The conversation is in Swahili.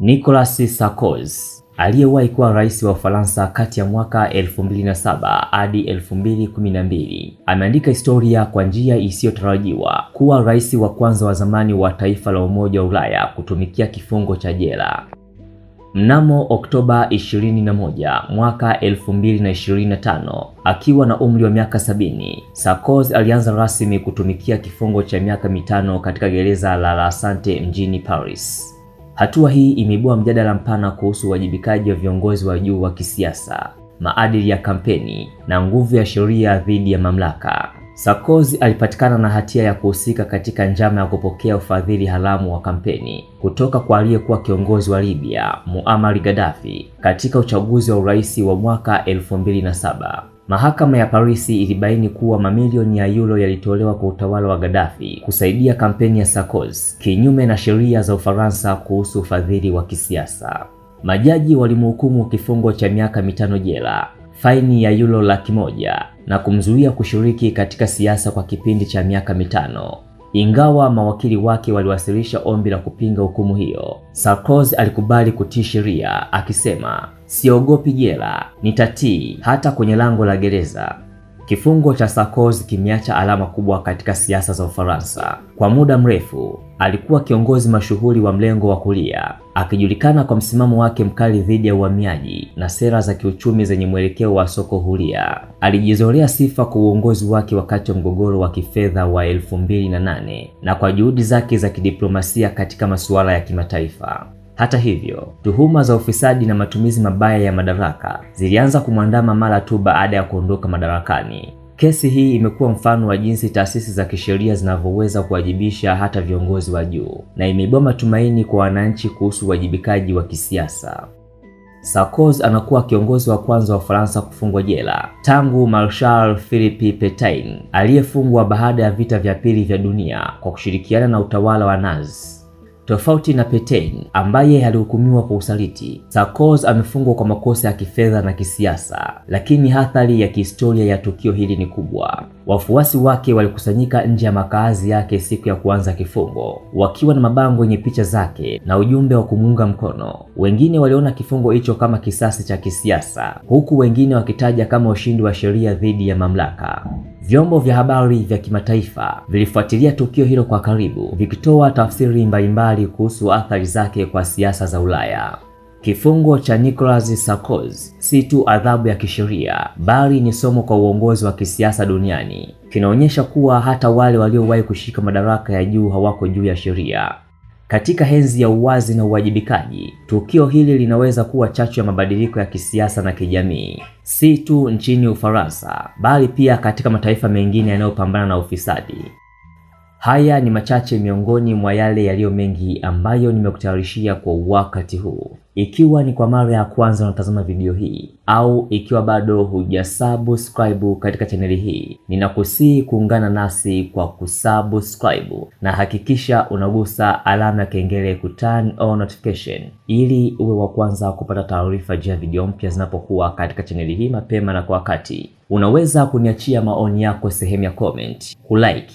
Nicolas Sarkozy aliyewahi kuwa rais wa Ufaransa kati ya mwaka 2007 hadi 2012 ameandika historia kwa njia isiyotarajiwa kuwa rais wa kwanza wa zamani wa taifa la Umoja wa Ulaya kutumikia kifungo cha jela. Mnamo Oktoba 21 mwaka 2025, akiwa na umri wa miaka sabini, Sarkozy alianza rasmi kutumikia kifungo cha miaka mitano katika gereza la La Sante mjini Paris. Hatua hii imeibua mjadala mpana kuhusu uwajibikaji wa viongozi wa juu wa kisiasa, maadili ya kampeni na nguvu ya sheria dhidi ya mamlaka. Sarkozy alipatikana na hatia ya kuhusika katika njama ya kupokea ufadhili haramu wa kampeni kutoka kwa aliyekuwa kiongozi wa Libya, Muammar Gaddafi katika uchaguzi wa urais wa mwaka 2007. Mahakama ya Parisi ilibaini kuwa mamilioni ya euro yalitolewa kwa utawala wa Gaddafi kusaidia kampeni ya Sarkozy, kinyume na sheria za Ufaransa kuhusu ufadhili wa kisiasa. Majaji walimhukumu kifungo cha miaka mitano jela, faini ya euro laki moja na kumzuia kushiriki katika siasa kwa kipindi cha miaka mitano ingawa mawakili wake waliwasilisha ombi la kupinga hukumu hiyo. Sarkozy alikubali kutii sheria akisema, siogopi jela, nitatii hata kwenye lango la gereza. Kifungo cha Sarkozy kimeacha alama kubwa katika siasa za Ufaransa. Kwa muda mrefu alikuwa kiongozi mashuhuri wa mlengo wa kulia, akijulikana kwa msimamo wake mkali dhidi ya uhamiaji na sera za kiuchumi zenye mwelekeo wa soko huria. Alijizolea sifa kwa uongozi wake wakati wa mgogoro wa kifedha wa 2008 na kwa juhudi zake za kidiplomasia katika masuala ya kimataifa. Hata hivyo, tuhuma za ufisadi na matumizi mabaya ya madaraka zilianza kumwandama mara tu baada ya kuondoka madarakani. Kesi hii imekuwa mfano wa jinsi taasisi za kisheria zinavyoweza kuwajibisha hata viongozi wa juu na imeibua matumaini kwa wananchi kuhusu uwajibikaji wa kisiasa. Sarkozy anakuwa kiongozi wa kwanza wa Ufaransa kufungwa jela tangu Marshal Philippe Pétain aliyefungwa baada ya vita vya pili vya dunia kwa kushirikiana na utawala wa Nazi. Tofauti na Petain ambaye alihukumiwa kwa usaliti, Sarkozy amefungwa kwa makosa ya kifedha na kisiasa, lakini athari ya kihistoria ya tukio hili ni kubwa. Wafuasi wake walikusanyika nje ya makazi yake siku ya kuanza kifungo, wakiwa na mabango yenye picha zake na ujumbe wa kumuunga mkono. Wengine waliona kifungo hicho kama kisasi cha kisiasa, huku wengine wakitaja kama ushindi wa sheria dhidi ya mamlaka. Vyombo vya habari vya kimataifa vilifuatilia tukio hilo kwa karibu, vikitoa tafsiri mbalimbali kuhusu athari zake kwa siasa za Ulaya. Kifungo cha Nicolas Sarkozy si tu adhabu ya kisheria bali ni somo kwa uongozi wa kisiasa duniani. Kinaonyesha kuwa hata wale waliowahi kushika madaraka ya juu hawako juu ya sheria. Katika enzi ya uwazi na uwajibikaji, tukio hili linaweza kuwa chachu ya mabadiliko ya kisiasa na kijamii, si tu nchini Ufaransa bali pia katika mataifa mengine yanayopambana na ufisadi. Haya ni machache miongoni mwa yale yaliyo mengi ambayo nimekutayarishia kwa wakati huu. Ikiwa ni kwa mara ya kwanza unatazama video hii au ikiwa bado hujasubscribe katika chaneli hii, ninakusihi kuungana nasi kwa kusubscribe na hakikisha unagusa alama ya kengele ku turn on notification ili uwe wa kwanza kupata taarifa juu ya video mpya zinapokuwa katika chaneli hii mapema na kwa wakati. Unaweza kuniachia maoni yako sehemu ya comment, kulike